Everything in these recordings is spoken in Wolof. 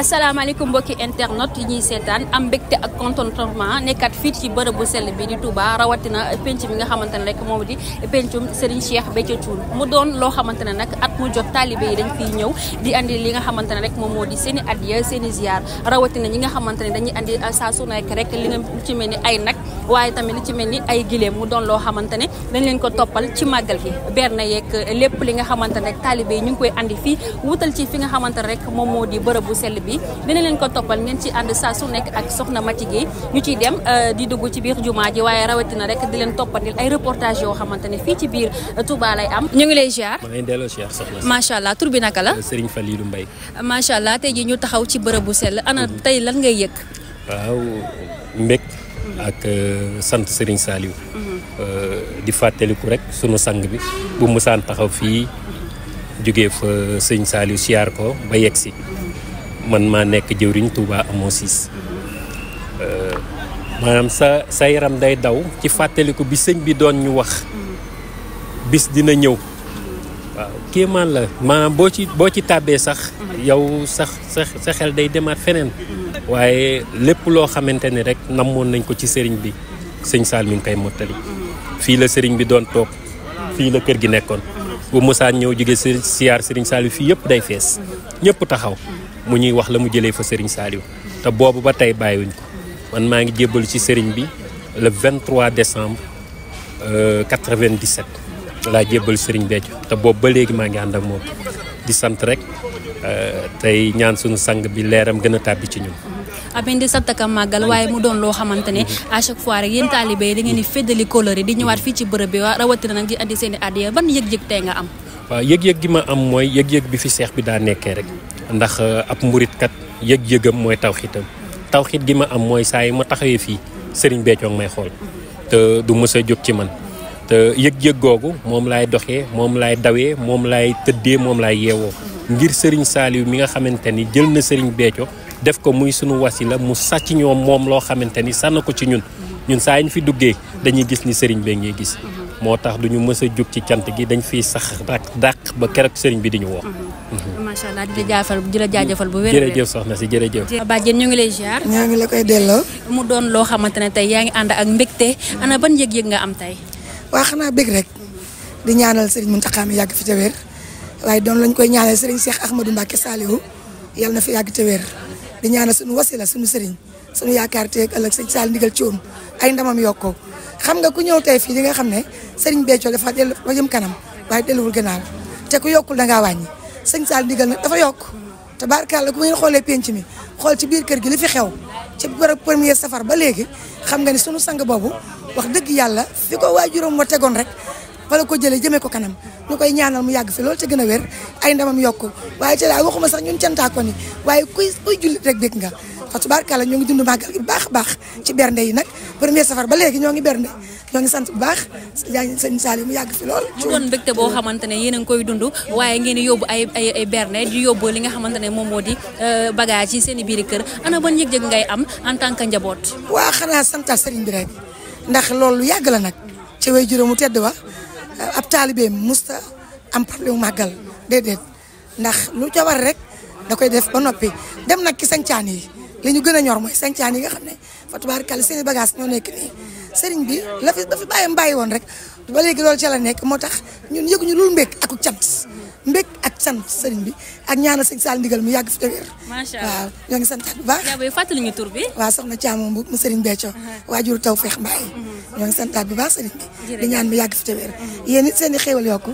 asalaamaaleykum mbokki internet yi ñuy seetaan am mbégte ak contentement nekkat fii ci bërëb bu sell bi di Touba rawatina penc nga xamante ne rek moom di pencum Serigne Cheikh Béthio Thioune mu doon loo xamante ne nag at mu jot taalibe yi dañ fiy ñëw di andi li nga xamante ne rek moom moo di seeni i adiya seen i rawatina ñi nga xamante ne dañuy andi saa su nekk rek li nga lu ci mel ni ay nag waaye tamit lu ci mel ni ay gileem mu doon loo xamante ne dañ leen ko toppal ci màggal gi na yeeg lépp li nga xamante ne rek taalibe yi ñu ngi koy indi fii wutal ci fi nga xamante ne rek moo di bërëb bu sell bi bi dina len ko topal ngeen ci and sa su nek ak soxna Mati Gueye ñu ci dem euh, di dugg ci biir jumaa ji rawati na rek di len toppandil ay reportage yo xamantene fi ci biir euh, Touba lay am ñu ngi lay ziar ma ngi delo ziar soxna sha allah tour bi naka la euh, Serigne Falilou ma sha allah tay ji ñu taxaw ci bërëb bu ana mm-hmm. tay lan ngay yek waaw mbek ak sante Serigne Saliou mm-hmm. di fàttaliku rek sunu sang bi bu musan taxaw fi jógee fa serigne Saliou siyaar ko ba yegsi man maa nekk jëwriñ Touba amoo siis euh, maanaam sa sa yaram day daw ci fàttaliku bi sëñ bi doon ñu wax bis dina ñëw waaw kéemaan la maanaam boo ci boo ci tàbbee sax yow sax sax sa xel day demaat feneen waaye lépp loo xamante ni rek namoon nañ ko ci sëriñ bi sëñ Saal mi ngi koy mottali fii la sëriñ bi doon toog fii la kër gi nekkoon bu mosaan ñëw jóge siyaar sëriñ Saal bi fii yëpp day fees ñëpp taxaw mu ñuy wax la mu jëlee fa Serigne Saliou te boobu ba tey bàyyiwuñ ko man maa ngi jébbalu ci Serigne bi le 23 décembre 97 euh, laa jébbalu Serigne Béthio te boobu ba léegi maa ngi ànd ak moom di sant rek euh, tey ñaan suñu sang bi leeram gën a tàbbi ci ñun amin ah, di sant ak màggal waaye mu doon loo xamante ne mhm. à chaque fois rek yéen taalibe yi da ngeen di féddali coloré di ñëwaat fii ci bërëb bi rawatina nag di andi seen i ban yëg-yëg tey nga am waaw yëg-yëg gi ma am mooy yëg-yëg bi fi seex bi daa nekkee rek ndax euh, ab mburit yëg-yëgam mooy tawxiitam tawxiit gi ma am mooy saa yi ma taxawee fii sëriñ Béthio may xool te du mës a jóg ci man te yëg-yëg googu moom laay doxee moom laay dawee moom laay tëddee moom lay yeewoo ngir sëriñ Saliou mi nga xamante ni jël na sëriñ Béthio def ko muy sunu wasila mu sàcc ñoom moom loo xamante ni sànn ko ci ñun ñun saa yi ñu fi duggee dañuy gis ni sëriñ bee ngay gis motax duñu mësa ñu ci cyant gi dañ fi sax ak dak ba kérok sëriñ bi diñu wo mhm. mhm. allah di la jaajëfal di la jaajëfal bu wér. jërëjëf soxna si jërëjëf. Badiane ñu ngi lay ziar. ñaa ngi la koy delloo. mu doon ak ana ban nga am tey. waa xanaa rek di ñaanal sëriñ Mountakha mi yàgg fi te wér waaye doon lañ koy ñaanal sëriñ Cheikh Ahmadou Mbacké Saliou yàlla na fi yàgg wér di ñaanal suñu wasila suñu sëriñ suñu ndigal ay ndamam xam nga ku ñëw tey fii di nga xam ne Serigne Béthio dafa dellu ba jëm kanam waaye delluwul gannaaw te ku yokkul da ngaa wàññi sëñ Sall ndigal nag dafa yokk te la ku ngeen xoolee penc mi xool ci biir kër gi li fi xew ci borom premier safar ba léegi xam nga ne sunu sang boobu wax dëgg yàlla fi ko waajuram wa tegoon rek walla ko jëlee jëmee ko kanam ñu koy ñaanal mu yàgg fi loolu te gën a wér ay ndamam yokku waaye te daal waxuma sax ñun cantaako ni waaye kuy kuy jullit rek dégg nga fa tubaarkàlla ñoo ngi dund màggal gi bu baax a ci bernde yi nag premier safar ba léegi ñoo ngi bernde ñoo ngi sant bu baax yaa ngi sëñ Saliou mu yàgg fi lool mu doon ngi koy dund ngeen ay ay ay bernde di yóbbu li nga xamante ne moom moo di euh, bagage yi seen i kër ana ban ngay am en tant que njaboot waa xanaa santal sëriñ bi rek ndax loolu yàgg la nag ci way tedd wa ab musta am problème màggal nak ndax lu ca war rek da koy def ba dem nak ki sancaan yi li ñu gën ñor mooy sancaan yi nga xam ne fa tubaarkàlla seen i ñoo nekk nii sëriñ bi la fi dafa bàyyi woon rek ba léegi loolu ca la nekk moo tax ñun yëguñu lul mbékk ak cant mbékk ak sant sëriñ bi ak ñaanal sëñ Saal ndigal mu yàgg fi tëwéer waaw ñoo ngi santaat bu baax fàttali ñu tur bi waaw soxna Thiam mu sëriñ Béthio uh-huh. waajur taw feex mbàyyi uh-huh. ñoo ngi santaat bu baax sëriñ bi di ñaan mu yàgg fi tëwéer uh-huh. yéen seen i xéewal yokku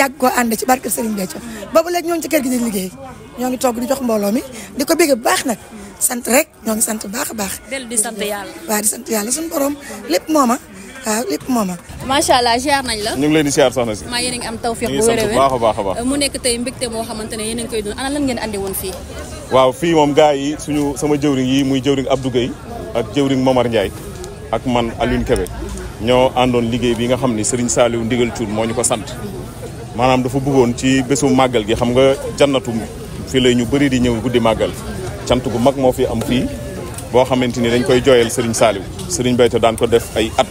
yàgg koo ànd ci barke sëriñ Béthio boobu léegi ñoo ngi ci kër gi ñoo ngi togg di jox mbooloo mi di ko bégg bu baax nag sant rek ñoo sant baax a baax. dellu di sant yàlla. waaw di sant yàlla suñu borom lépp mooma waaw lépp mooma. macha allah ziar nañ la. ñu ngi leen di ziar na si. maa yéen a am tawféex bu wér baax a baax a mu nekk tey mbégte moo xamante ne yéen a koy dund ana lan waaw fii moom gars yi suñu sama jëwriñ yi muy jëwriñ Abdou Gueye ak jëwriñ Momar Ndiaye ak man Alioune Kébé ñoo àndoon liggéey bi nga xam ni Serigne Saliou Ndigal Thioune moo ñu ko sant maanaam dafa buggoon ci bésu màggal gi xam nga jannatu fii lay ñu bëri di ñëw guddi màggal cant gu mag moo fi am fii boo xamante ni dañ koy jooyal Serigne Saliou Serigne to daan ko def ay at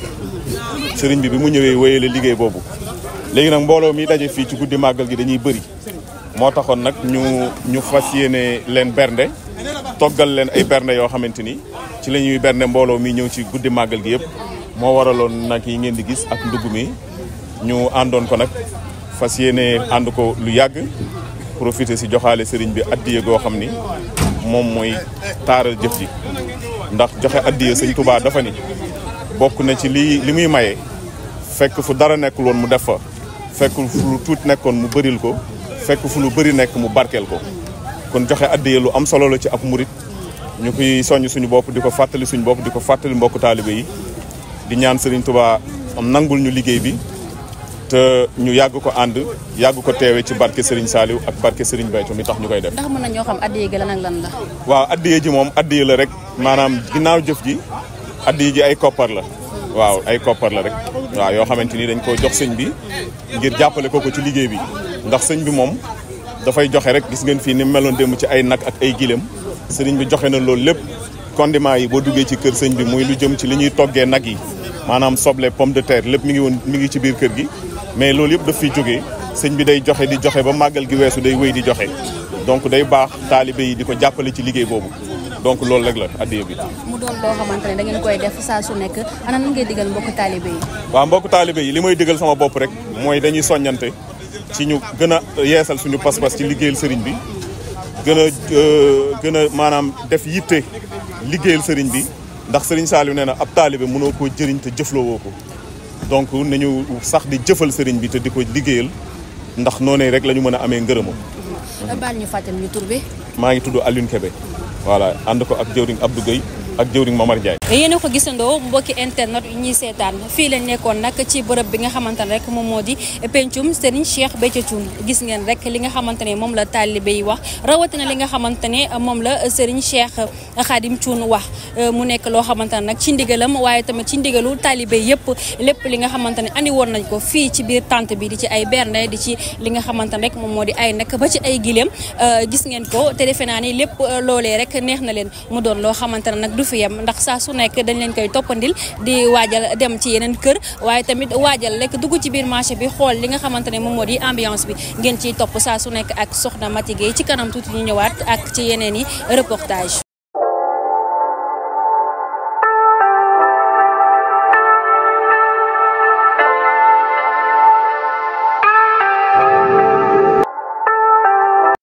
Serigne bi bi mu ñëwee wéyale liggéey boobu léegi nag mbooloo mi daje fii ci guddi màggal gi dañuy bëri moo taxoon nag ñu ñu fas yéene leen bernde toggal leen ay bernde yoo xamante ni ci la ñuy bernde mbooloo mi ñëw ci guddi màggal gi yëpp moo waraloon nag yi ngeen di gis ak ndugg mi ñu àndoon ko nag fas yéene ànd ko lu yàgg profité si joxaale sëriñ bi addiye goo xam ni moom mooy taaral jëf ji ndax joxe addiya sëñ Tuubaa dafa ni bokk na ci lii li muy maye fekk fu dara nekkul woon mu def fa fekk fu lu tuut nekkoon mu bëril ko fekk fu lu bëri nekk mu barkeel ko kon joxe addiya lu am solo la ci ab murit ñu koy soññ suñu bopp di ko fàttali suñu bopp di ko fàttali mbokku taalibe yi di ñaan sëriñ Tuubaa am nangul ñu liggéey bi ñu yàgg ko ànd yàgg ko teewe ci barke Serigne Saliou ak barke Serigne Béthio mi tax ñu koy def. ndax mën nañoo xam addiya gi lan ak lan la. waaw addiya ji moom addiya la rek maanaam ginaaw jëf ji addiya ji ay koppar la. waaw ay koppar la rek waaw yoo xamante ni dañ ko jox sëñ bi ngir jàppale ko ko ci liggéey bi ndax sëñ bi moom dafay joxe rek gis ngeen fii ni meloon démb ci ay nag ak ay gileem sëriñ bi joxe na loolu lépp condiment yi boo duggee ci kër sëñ bi muy lu jëm ci li ñuy toggee nag yi maanaam soble pomme de lépp mi ngi woon mi ngi ci biir kër gi mais loolu yëpp dafay fiy jógee sëñ bi day joxe di joxe ba màggal gi weesu day wéy di joxe donc day baax taalibe yi di ko jàppale ci liggéey boobu donc loolu rek la addiya bi. mu doon loo xamante koy def saa su nekk ana nan ngay digal mbokku taalibe yi. waaw mbokku taalibe yi li may digal sama bopp rek mooy dañuy soññante ci ñu gën a yeesal suñu pas-pas ci liggéeyal sëriñ bi gën a euh, gën a maanaam def yitte liggéeyal sëriñ bi ndax sëriñ Saliou nee na ab taalibe mënoo koo jëriñ te ko. donc nañu sax di jëfal sëriñ bi te di ko liggéeyal ndax noonee rek la ñu mën a amee ngërëmu. baal ñu fàttali maa ngi tudd Alioune Kébé. voilà ànd ko ak jëwriñ Abdou Gueye ak jëwriñ Momar Ndiaye yéen a ko gisandoo mbokki internet yi ñuy seetaan fii lañ nekkoon nag ci bërëb bi nga xamante ne rek moom moo di pencum Serigne Cheikh Béthio Thioune gis ngeen rek li nga xamante ne moom la taalibe yi wax rawatina li nga xamante ne moom la Serigne Cheikh Khadim Thioune wax mu nekk loo xamante ne nag ci ndigalam waaye tamit ci ndigalu taalibe yëpp lépp li nga xamante ne andi woon nañ ko fii ci biir tente bi di ci ay bernde di ci li nga xamante ne rek moom moo di ay nag ba ci ay gileem gis ngeen ko te defe naa ni lépp loolee rek neex na leen mu doon loo xamante nag fi yem ndax saa su nekk dañ leen koy toppandil di waajal dem ci yeneen kër waaye tamit waajal lekk dugg ci biir marché bi xool li nga xamante ne moom moo di ambiance bi ngeen ciy topp saa su nekk ak soxna Mati Gueye ci kanam tuuti ñu ñëwaat ak ci yeneen i reportage